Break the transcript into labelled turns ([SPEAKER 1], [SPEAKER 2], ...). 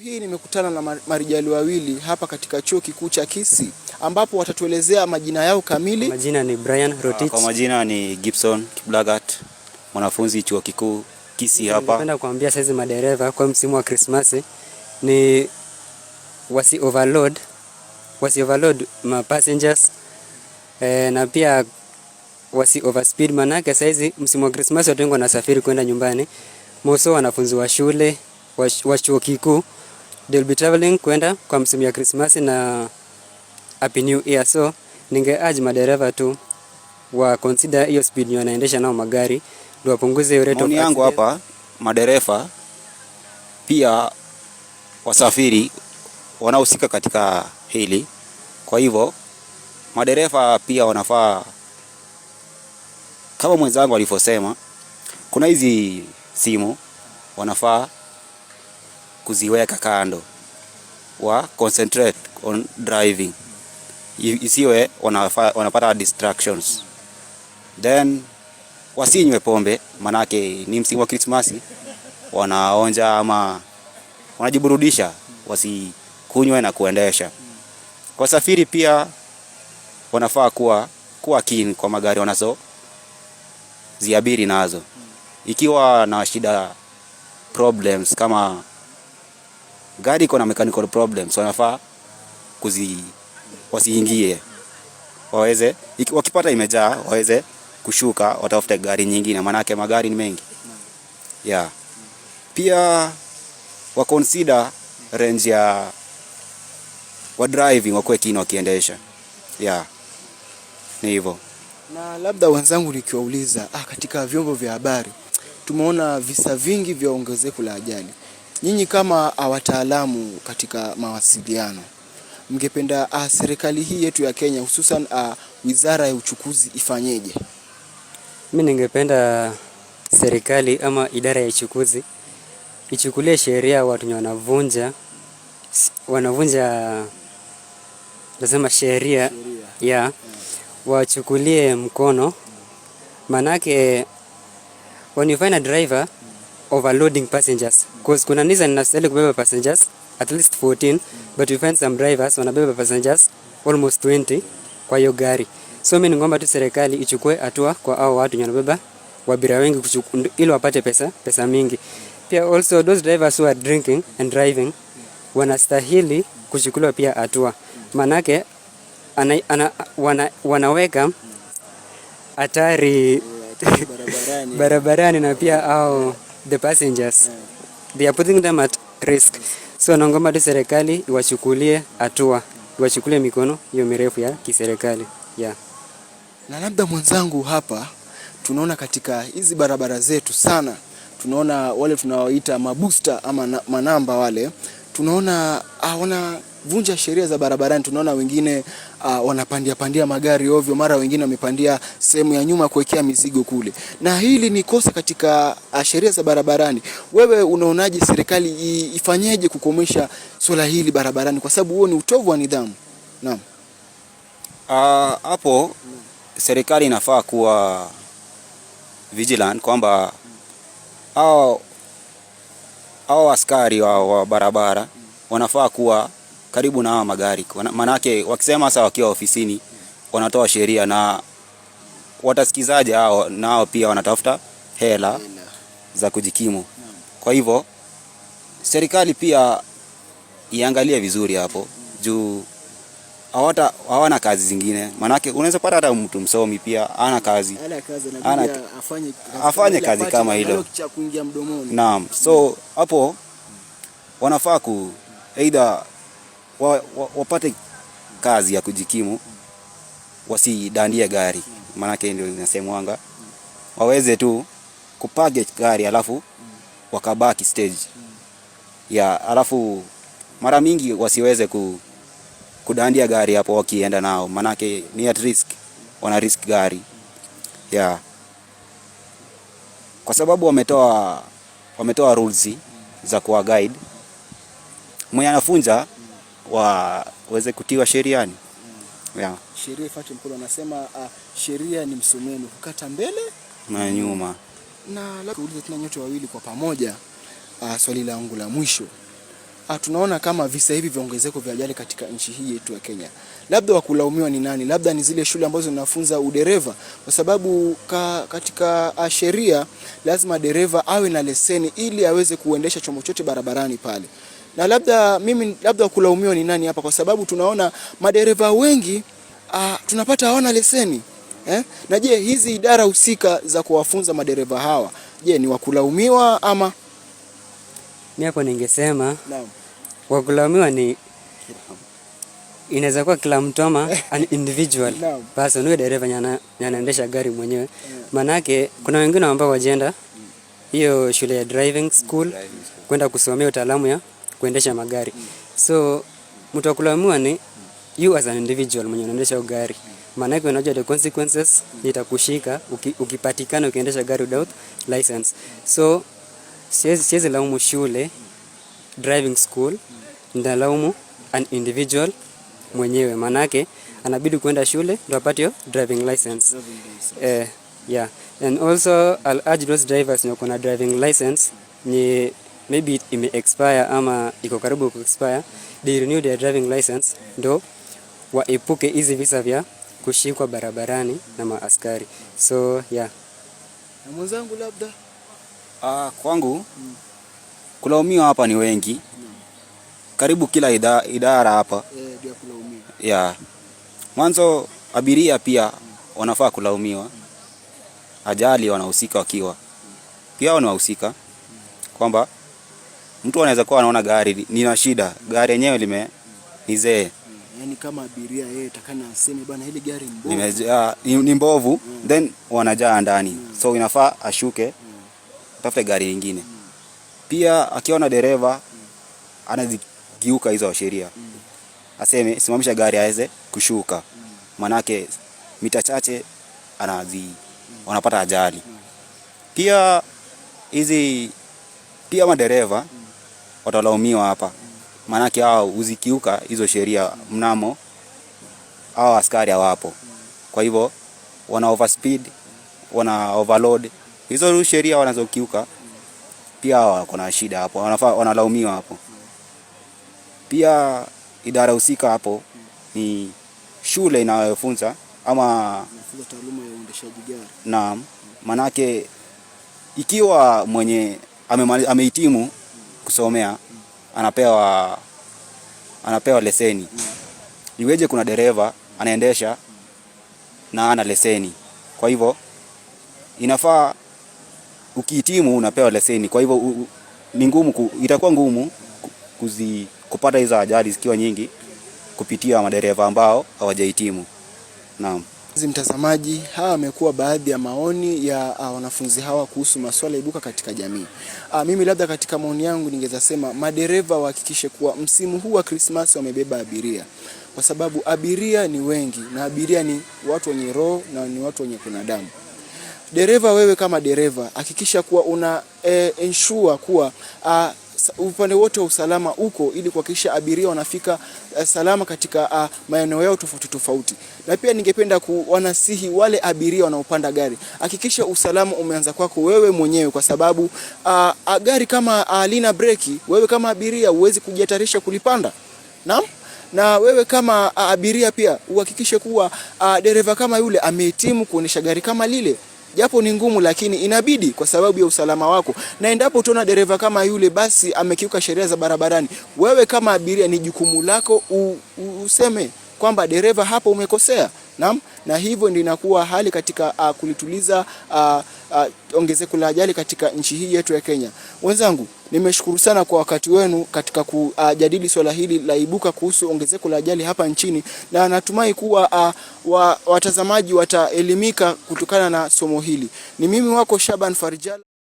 [SPEAKER 1] Hii nimekutana na marijali wawili hapa katika chuo kikuu cha Kisii ambapo watatuelezea majina yao kamili.
[SPEAKER 2] Majina ni Brian Rotich.
[SPEAKER 3] Kwa majina ni Gibson Kiblagat, mwanafunzi chuo kikuu Kisii hapa.
[SPEAKER 2] Napenda kuambia saizi madereva kwa msimu wa Krismasi ni wasi overload, wasi overload ma passengers e, na pia wasi overspeed, manake saizi msimu wa Krismasi watu wengi wanasafiri kwenda nyumbani, moso wanafunzi wa shule wa chuo kikuu they will be traveling kwenda kwa msimu ya Krismasi na Happy New Year. So urge madereva tu wa consider hiyo speed ni wanaendesha nao magari ndio wapunguze hiyo rate. Maoni
[SPEAKER 3] yangu hapa, madereva pia wasafiri wanaohusika katika hili. Kwa hivyo madereva pia wanafaa, kama mwenzangu alivyosema, kuna hizi simu wanafaa kuziweka kando, wa concentrate on driving, isiwe wanapata distractions, then wasinywe pombe, manake ni msimu wa Krismasi, wanaonja ama wanajiburudisha, wasikunywe na kuendesha. Wasafiri pia wanafaa kuwa kuwa keen kwa magari wanazo ziabiri nazo, ikiwa na shida problems kama gari iko na mechanical problems, wanafaa kuzi wasiingie, waweze wakipata imejaa, waweze kushuka, watafute gari nyingine, maanake magari ni mengi yeah. Pia wa consider range ya wa driving wakuwe kino wakiendesha yeah. Ni hivyo
[SPEAKER 1] na labda wenzangu, nikiwauliza ah, katika vyombo vya habari tumeona visa vingi vya ongezeko la ajali Nyinyi kama wataalamu katika mawasiliano, mngependa uh, serikali hii yetu ya Kenya hususan uh, wizara ya uchukuzi ifanyeje?
[SPEAKER 2] Mimi ningependa serikali ama idara ya uchukuzi ichukulie sheria watu wenye wanavunja wanavunja nasema sheria ya wachukulie mkono, manake when you find a driver overloading passengers because kuna Nissan inastahili kubeba passengers at least 14 but we find some drivers wanabeba passengers almost 20 kwa hiyo gari. So mimi ningeomba tu serikali ichukue hatua kwa hao watu wanabeba wabira wengi ili wapate pesa, pesa mingi. Pia also those drivers who are drinking and driving wanastahili kuchukuliwa pia hatua, manake ana, ana, wana, wanaweka hatari barabarani, na pia hao the passengers yeah. They are putting them at risk so anaongomba tu serikali iwachukulie hatua, iwachukulie mikono hiyo mirefu ya kiserikali yeah.
[SPEAKER 1] Na labda mwenzangu hapa tunaona katika hizi barabara zetu sana tunaona wale tunawaita mabusta ama na, manamba wale tunaona ah, wanavunja sheria za barabarani. Tunaona wengine uh, wanapandia pandia magari ovyo, mara wengine wamepandia sehemu ya nyuma kuwekea mizigo kule, na hili ni kosa katika uh, sheria za barabarani. Wewe unaonaje serikali ifanyeje kukomesha swala hili barabarani, kwa sababu huo ni utovu wa nidhamu? Naam,
[SPEAKER 3] uh, hapo uh, serikali inafaa kuwa vigilant kwamba hao askari wa, wa barabara wanafaa kuwa karibu na hawa magari, maanake wakisema sasa wakiwa ofisini wanatoa sheria na watasikizaje hao? Nao pia wanatafuta hela za kujikimu. Kwa hivyo serikali pia iangalie vizuri hapo juu hawata hawana kazi zingine, maanake unaweza pata hata mtu msomi pia ana kazi,
[SPEAKER 1] hana afanye, afanye kazi kama hilo.
[SPEAKER 3] Naam, so hapo wanafaa ku either wa, wa, wapate kazi ya kujikimu, wasidandie gari, maanake ndio inasemwanga, waweze tu kupage gari alafu wakabaki stage ya alafu mara mingi wasiweze ku, kudandia gari hapo wakienda nao, manake ni at risk, wana risk gari ya kwa sababu wametoa wametoa rules za kuwa guide mwenye anafunza waweze kutiwa sheriani.
[SPEAKER 1] Mm. Yeah. Sheria ifuate mkono, anasema uh, sheria ni msumeno kukata mbele
[SPEAKER 3] na nyuma.
[SPEAKER 1] Na labda kuuliza tena nyote wawili kwa pamoja uh, swali langu la mwisho uh, tunaona kama visa hivi viongezeko vya ajali katika nchi hii yetu ya Kenya, labda wakulaumiwa ni nani? Labda ni zile shule ambazo zinafunza udereva, kwa sababu ka, katika uh, sheria lazima dereva awe na leseni ili aweze kuendesha chombo chote barabarani pale na labda mimi labda kulaumiwa ni nani hapa, kwa sababu tunaona madereva wengi a, ah, tunapata hawana leseni eh? Na je, hizi idara husika za kuwafunza madereva hawa, je ni wakulaumiwa ama?
[SPEAKER 2] Mimi hapo ningesema naam, wakulaumiwa ni inaweza kuwa kila mtu ama an individual person, huyo dereva anaendesha gari mwenyewe yeah. Manake kuna wengine ambao wajenda hiyo shule ya driving school kwenda kusomea utaalamu ya kuendesha magari. So mtu akulaumiwa ni you as an individual mwenye unaendesha gari. Maana yake unajua the consequences itakushika ukipatikana ukiendesha gari without license. So siwezi siwezi laumu shule, driving school, ndalaumu an individual mwenyewe Maana yake anabidi kwenda shule ndo apate driving license. Eh, yeah. And also I'll urge those drivers who kuna driving license ni maybe ime expire ama iko karibu ku expire, they renew their driving license ndo waepuke hizi visa vya kushikwa barabarani na maaskari. So yeah,
[SPEAKER 1] na mwenzangu labda
[SPEAKER 3] ah, kwangu mm. kulaumiwa hapa ni wengi mm. karibu kila idara, idara hapa eh, yeah. Mwanzo abiria pia mm. wanafaa kulaumiwa mm. ajali wanahusika wakiwa mm. pia wanahusika mm. kwamba mtu anaweza kuwa anaona gari nina shida, gari yenyewe lime nizee
[SPEAKER 1] mm, yani kama abiria yeye atakana aseme bwana hili gari mbovu ah,
[SPEAKER 3] ni mbovu Mm. Then wanajaa ndani mm. So inafaa ashuke mm. Tafute gari lingine mm. Pia akiona dereva mm. Anazikiuka hizo sheria mm. Aseme simamisha gari aweze kushuka mm. Manake mita chache anazi mm. Wanapata ajali mm. Pia hizi pia madereva mm watalaumiwa hapa, maanake hao huzikiuka hizo sheria mnamo hao askari hawapo. Kwa hivyo wana overspeed, wana overload, hizo sheria wanazokiuka pia hao wako na shida hapo, wanafaa wanalaumiwa hapo. Pia idara husika hapo ni shule inayofunza ama
[SPEAKER 1] taaluma ya uendeshaji gari.
[SPEAKER 3] Naam, manake ikiwa mwenye amehitimu kusomea anapewa, anapewa leseni. Iweje kuna dereva anaendesha na ana leseni? Kwa hivyo inafaa ukihitimu unapewa leseni. Kwa hivyo ni ngumu, itakuwa ngumu kuzi, kupata hizo ajali zikiwa nyingi kupitia madereva ambao hawajahitimu. Naam.
[SPEAKER 1] Mtazamaji, haya amekuwa baadhi ya maoni ya a, ah, wanafunzi hawa kuhusu masuala ibuka katika jamii. A, ah, mimi labda katika maoni yangu ningeza sema madereva wahakikishe kuwa msimu huu wa Krismasi wamebeba abiria, kwa sababu abiria ni wengi na abiria ni watu wenye roho na ni watu wenye kunadamu. Dereva, wewe kama dereva hakikisha kuwa una e, ensure kuwa a, ah, upande wote wa usalama uko ili kuhakikisha abiria wanafika eh, salama katika uh, maeneo yao tofauti tofauti. Na pia ningependa kuwanasihi wale abiria wanaopanda gari, hakikisha usalama umeanza kwako wewe mwenyewe, kwa sababu uh, gari kama halina breki, wewe kama abiria huwezi kujihatarisha kulipanda. Naam na wewe kama abiria pia uhakikishe kuwa dereva kama yule amehitimu kuonesha gari kama lile japo ni ngumu, lakini inabidi kwa sababu ya usalama wako. Na endapo utaona dereva kama yule, basi amekiuka sheria za barabarani, wewe kama abiria ni jukumu lako u, u, useme kwamba dereva, hapo umekosea. Naam, na hivyo ndio inakuwa hali katika uh, kulituliza uh, uh, ongezeko la ajali katika nchi hii yetu ya Kenya. Wenzangu Nimeshukuru sana kwa wakati wenu katika kujadili ah, swala hili la ibuka kuhusu ongezeko la ajali hapa nchini, na natumai kuwa uh, wa, watazamaji wataelimika kutokana na somo hili. Ni mimi wako Shaban Farjala.